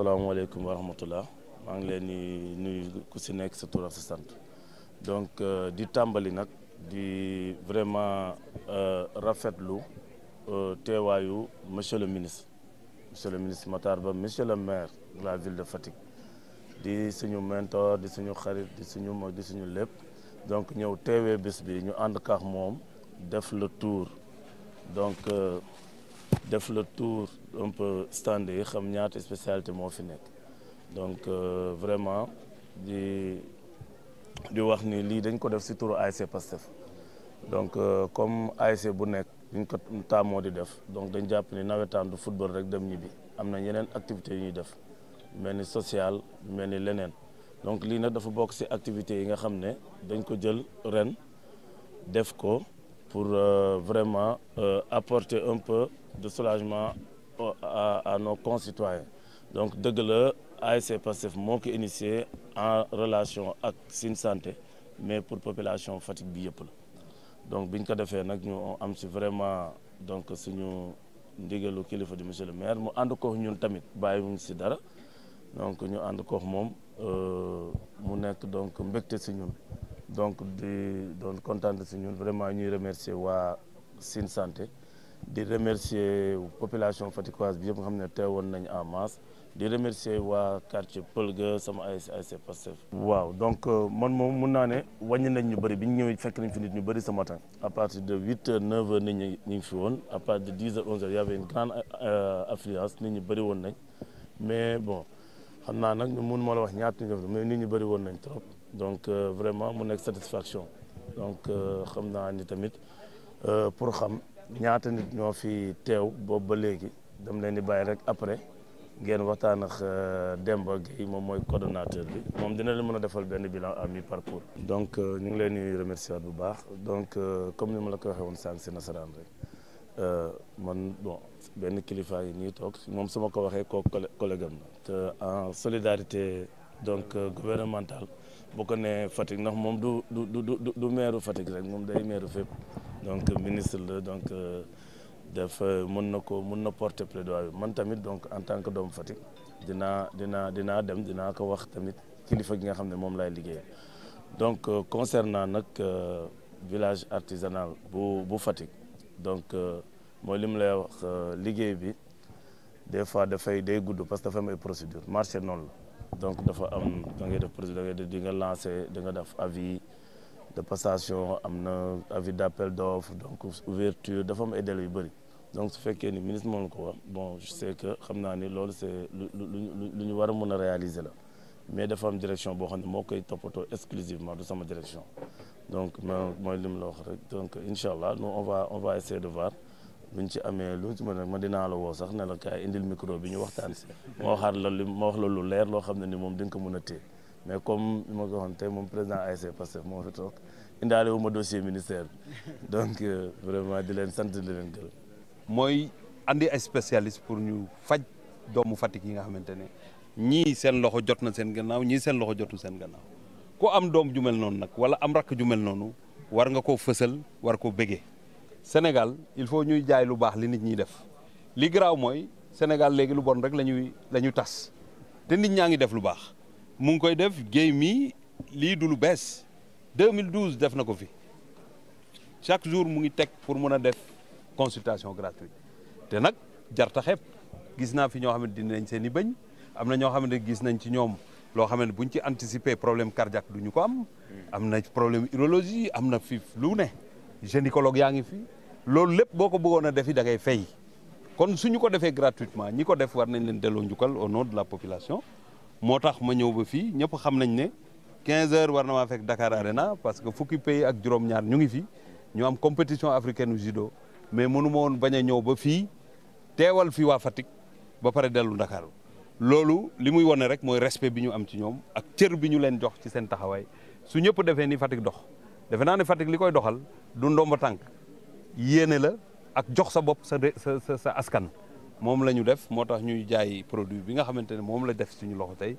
asalaamaaleykum wa rahmatullah maa ngi leen di nuyu ku si nekk sa tur ak sant donc euh, di tàmbali nag di vraiment euh, rafetlu euh, teewaayu monsieur le ministre monsieur le ministre Matar Ba monsieur le maire de la ville de Fatick di suñu mentor di suñu xarit di suñu mag di suñu lépp donc ñëw teewee bés bi ñu ànd kaax moom def le tour donc. def le tour un peu stand yi xam ñaata spécialité moo fi nekk donc euh, vraiment di wax ni lii dañ ko def si turu ASC Pastef donc euh, comme ASC bu nekk dañ ko taamoo di def donc dañ jàpp ni nawetaan du football rek dem ñibbi am na yeneen activités yu ñuy def mel ni social mel ni leneen donc lii nag dafa bokk si activités yi nga xam ne dañ ko jël ren def ko pour euh, vraiment euh, apporter un peu de soulagement à, à, à donc dëgg la ASC Pastef moo ko initié en relation ak Sine Santé mais pour population Fatick bi yëpp la donc biñ ko defee nag ñu am si vraiment donc suñu ndigalu kilifa di monsieur le maire mu ànd koox ñun tamit bàyyiwuñ si dara donc ñu ànd koox moom euh, mu nekk donc mbégte si ñun donc di doon kontaan si ñun vraiment ñuy remercier waa Sine Santé di remercier population faticoise bi yëpp nga xam ne woon nañ en masse di remercier waa quartier Pëlga sama ASC ASC Pastef waaw donc euh, man moom mun naa ne wàññi nañ ñu bari bi ñu ñëwee fekk nañ fi nit ñu bëri sama matin à partir de huit heures neuf heures nit ñi ñu ngi fi woon à partir de dix heures euh, nit ñi bëri woon nañ mais bon xam naa nag mun ma la wax ñaata ñu def mais nit ñi bëri woon nañ trop donc euh, vraiment mu nekk satisfaction donc euh, xam naa ni tamit euh, pour xam ñaata nit ñoo fi teew boobu ba léegi dem leen di bàyyi rek après ngeen waxtaan ak Demba Gueye moom mooy coordonnateur bi moom dina leen mën a defal benn billan à mi parcours. donc ñu ngi leen di remercier bu baax donc comme ni ma la ko waxee woon sànq si nasaraan rek man bon benn kilifa yi nii toog moom su ma ko waxee koo collègue am la te en solidarité donc gouvernementale. bu ko nee Fatick ndax moom du du du du maire Fatick rek moom day maire fépp donc euh, ministre la donc euh, def euh, mën na ko mën na porter plaidoyer man tamit donc en tant que doomu Fatick dinaa dinaa dinaa dem dinaa ko wax tamit kilifa gi nga xam ne moom laay liggéey donc concernant nag village artisanal bu bu Fatick donc mooy li mu lay wax liggéey bi des fois dafay day gudd parce que dafa am ay procédure marché noonu la donc dafa am da ngay def procédure da ngay di nga lancé di nga def avis de passation am na avis d' appel donc ouverture dafa am ay délais yu bëri donc su fekkee ni ministre moom ko wax bon je sais que xam naa ni loolu c' est lu lu ñu war a mën a réaliser la mais dafa am direction boo xam ne moo koy toppatoo exclusivement du sama direction donc mooy li mu la wax rek donc incha allah nous on va on va essayer de voir buñ ci amee lu ci mën a ma dinaa la woo sax ne la kaay indil micro bi ñu waxtaan si ma waxaat la li ma wax la lu leer loo xam ne ni moom di nga ko a téye mais comme ma ko waxoon tey moom président ASC Pastef moo fi toog indaale wu ma dossier ministère bi donc euh, vraiment di leen sant di leen gërëm. mooy andi ay spécialiste pour ñu faj doomu Fatick yi nga xamante ne ñii seen loxo jot na seen gannaaw ñii seen loxo jotu seen gannaaw ku am doom ju mel noonu nag wala am rakk ju mel noonu war nga koo fësal war koo bëgge Sénégal il faut ñuy jaay lu baax li nit ñiy def li garaaw mooy Sénégal léegi lu bon rek la ñuy la tas te nit ñaa ngi def lu baax mu ngi koy def géey mii lii du lu bees 2012 def na ko fi chaque jour mu ngi teg pour mun a def consultation gratuite te nag jarta xeeb gis naa fi ñoo xam ne dinañ seen i bëñ am na ñoo xam ne gis nañ ci ñoom loo xam ne buñ ci anticiper problème cardiaque du ñu ko am mm. am na problème urologie am na fi lu ne gynécologue yaa ngi fi loolu lépp boo ko bëggoon a defi da ngay fay kon suñu ko defee gratuitement ñi ko def war nañ leen delloo njukkal au nom de la population moo tax ma ñëw ba fii ñëpp xam nañ ne quinze heures war na maa fekk Dakar Arena parce que fukki pays ak juróom-ñaar ñu ngi fi ñu am compétition africaine judo mais mënu woon bañ a ñëw ba fii teewal fii waa Fatick ba pare dellu Dakar loolu li muy wane rek mooy respect bi ñu am ci ñoom ak cër bi ñu leen jox ci seen taxawaay su ñëpp defee ni Fatick dox. defe naa ne Fatick li koy doxal du ndomba tànk yéene la ak jox sa bopp sa sa sa askan moom la ñu def moo tax ñuy jaay produit bi nga xamante ne moom la def suñu loxo tey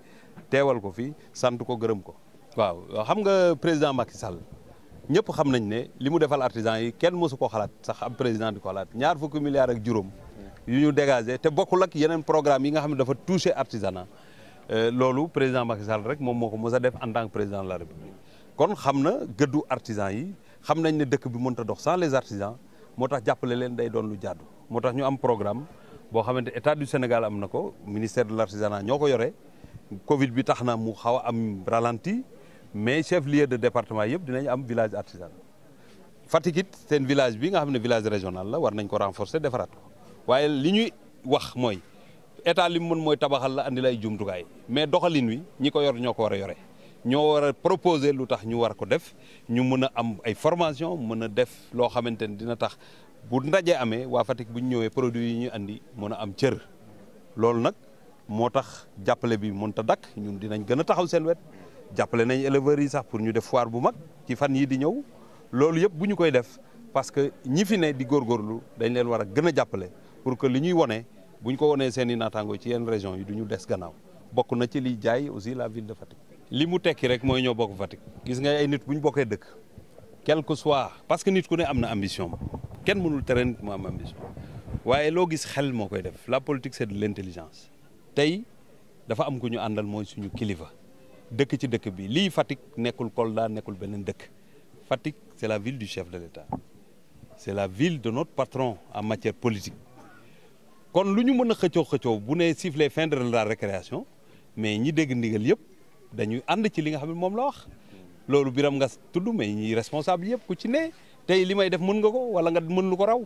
teewal ko fi sant ko gërëm ko. waaw xam nga président Macky Sall ñëpp xam nañ ne li mu defal artisan yi kenn mosu ko xalaat sax am président di ko xalaat ñaar fukki milliards ak juróom yu ñu dégagé te bokk ak yeneen programme yi nga xam ne dafa touché artisanat euh, loolu président Macky rek moom moo ko mos a def en tant président de la kon xam na gëddu artisan yi xam nañ ne dëkk bi mënut a dox sans les artisans moo tax jàppale leen day doon lu jàddu moo tax ñu am programme boo xamante état du Sénégal am na ko ministère de l'artisanat ñoo ko yore Covid bi tax na mu xaw a am ralenti mais chef lieu de département yëpp dinañ am village artisan Fatick ten village bi nga xam ne village régional la war nañ ko renforcer defaraat ko waaye li ñuy wax mooy état li mu mën mooy tabaxal la andi lay jumtukaay mais doxalin wi ñi ko yor ñoo ko war a yore. ñoo war a proposer lu tax ñu war ko def ñu mën a am ay formation mën a def loo xamante ni dina tax bu ndaje amee waa Fatick bu ñu ñëwee produit yi ñu andi mën a am cër loolu nag moo tax jàppale bi mën ta dakk ñun dinañ gën a taxaw seen wet jàppale nañ éleveurs yi sax pour ñu def foire bu mag ci fan yii di ñëw loolu yëpp bu ñu koy def parce que ñi fi ne di góorgóorlu dañ leen war a gën a jàppale pour que li ñuy wone bu ñu ko wonee seen i naataangoo ci yenn région yi du ñu des bokk na ci liy jaay aussi la ville de Fatick li mu tekki rek mooy ñoo bokk Fatick gis nga ay nit bu ñu bokkee dëkk quel que soit parce que nit ku ne am na ambition kenn mënul tere nit mu am ambition waaye loo gis xel moo koy def la politique c'est de l'intelligence tey dafa am ku ñu àndal mooy suñu kilifa dëkk ci dëkk bi lii Fatick nekkul Kolda nekkul beneen dëkk Fatick c'est la ville du chef de l'État c'est la ville de notre patron en matière politique kon lu ñu mën a xëccoo xëccoo bu ne siffler fin de la récréation mais ñi dégg ndigal yëpp dañuy ànd ci li nga xam ne moom la wax loolu biram nga tudd mais ñi responsable yëpp ku ci ne tey li may def mën nga ko wala nga mën lu ko raw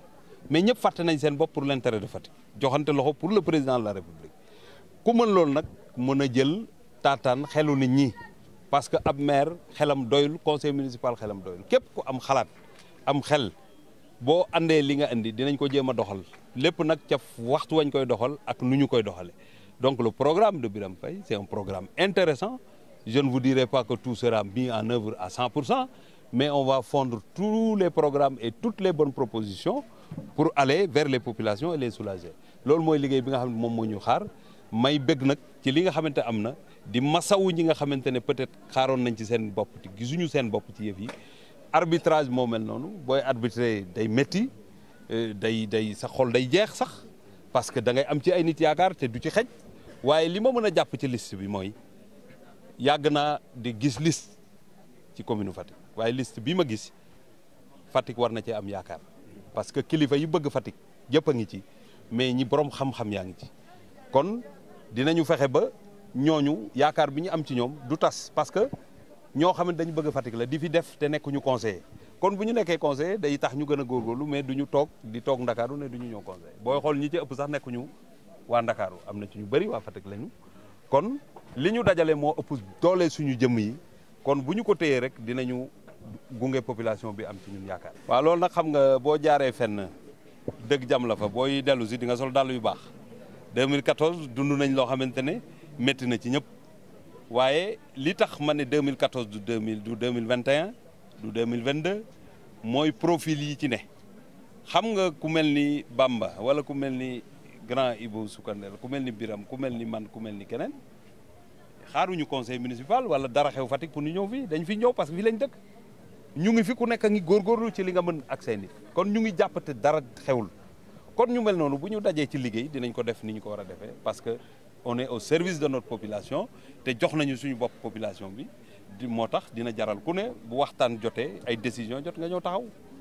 mais ñëpp fàtte nañ seen bopp pour l'intérêt de Fatick joxante loxo pour le président de la République ku mën loolu nag mën a jël taataan xelu nit ñi parce que ab maire xelam doylu conseil municipal xelam doyul képp ko am xalaat am xel boo andee li nga indi dinañ ko jéem a doxal lépp nag caf waxtu wañ koy doxal ak nu ñu koy doxale donc le programme de Birame Faye c'est un programme intéressant Je ne vous dirai pas que tout sera mis en œuvre à 100%, mais on va fondre tous les programmes et toutes les bonnes propositions pour aller vers les populations et les soulager. loolu mooy liggéey bi nga xam ne moom moo ñu xaar may bëgg nag ci li nga xamante am na di masawu ñi nga xamante ne peut-être xaaroon nañ ci seen bopp gisuñu seen bopp ci yëf yi arbitrage moo mel noonu booy arbitré day métti euh, day day sa xol day jeex sax parce que da ngay am ci ay nit yaakaar du ci xej waaye li ma mën a jàpp ci liste bi mooy. yàgg naa di gis liste ci commune Fatick waaye list bi ma gis Fatick war na cee am yaakaar parce que kilifa yi bëgg Fatick yëpp a ngi ci mais ñi borom xam-xam yaa ngi ci kon dinañu fexe ba ñooñu yaakaar bi ñu am ci ñoom du tas parce que ñoo xam ne dañu bëgg Fatick la di fi def te nekkuñu conseiller kon bu ñu nekkee conseiller day tax ñu gën a góorgóorlu mais du ñu toog di toog Ndakaaru ne du ñu ñëw conseiller booy xool ñi ci ëpp sax nekkuñu waa Ndakaaru am na ci ñu bëri waa Fatick lañu kon li ñu dajale moo ëpp doole suñu jëm yi kon bu ñu ko téyee rek dina dinañu gunge population bi am ci ñun yaakaar. waaw loolu nag xam nga boo jaaree fenn dëgg jam la fa booy dellusi di nga sol dàll yu baax 2014 dund nañ loo xamante ne métti na ci ñëpp waaye li tax ma ne 2014 du 2000 du 2021 du 2022 mooy profil yi ci ne xam nga ku mel ni Bamba wala ku mel ni. grand Ibou Soukandel ku mel ni Biram ku mel ni man ku mel ni keneen xaaruñu conseil municipal wala dara xew Fatick pour ñu ñëw fii dañ fi ñëw parce que fii lañ dëkk ñu ngi fi ku nekk a ngi góorgóorlu ci li nga mën ak say kon ñu ngi jàppate dara xewul kon ñu mel noonu bu ñu dajee ci liggéey dinañ ko def ni ñu ko war a defee parce que on est au service de notre population te jox nañu suñu bopp population bi moo tax dina jaral ku ne bu waxtaan jotee ay décision jot nga ñëw taxaw